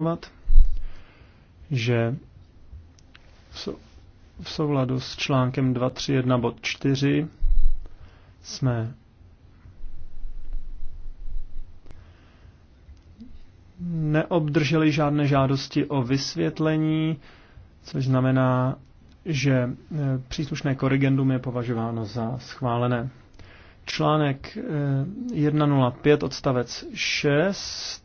informovat, že v souladu s článkem 231 bod 4 jsme neobdrželi žádné žádosti o vysvětlení, což znamená, že e, příslušné korigendum je považováno za schválené. Článek 105 e, odstavec 6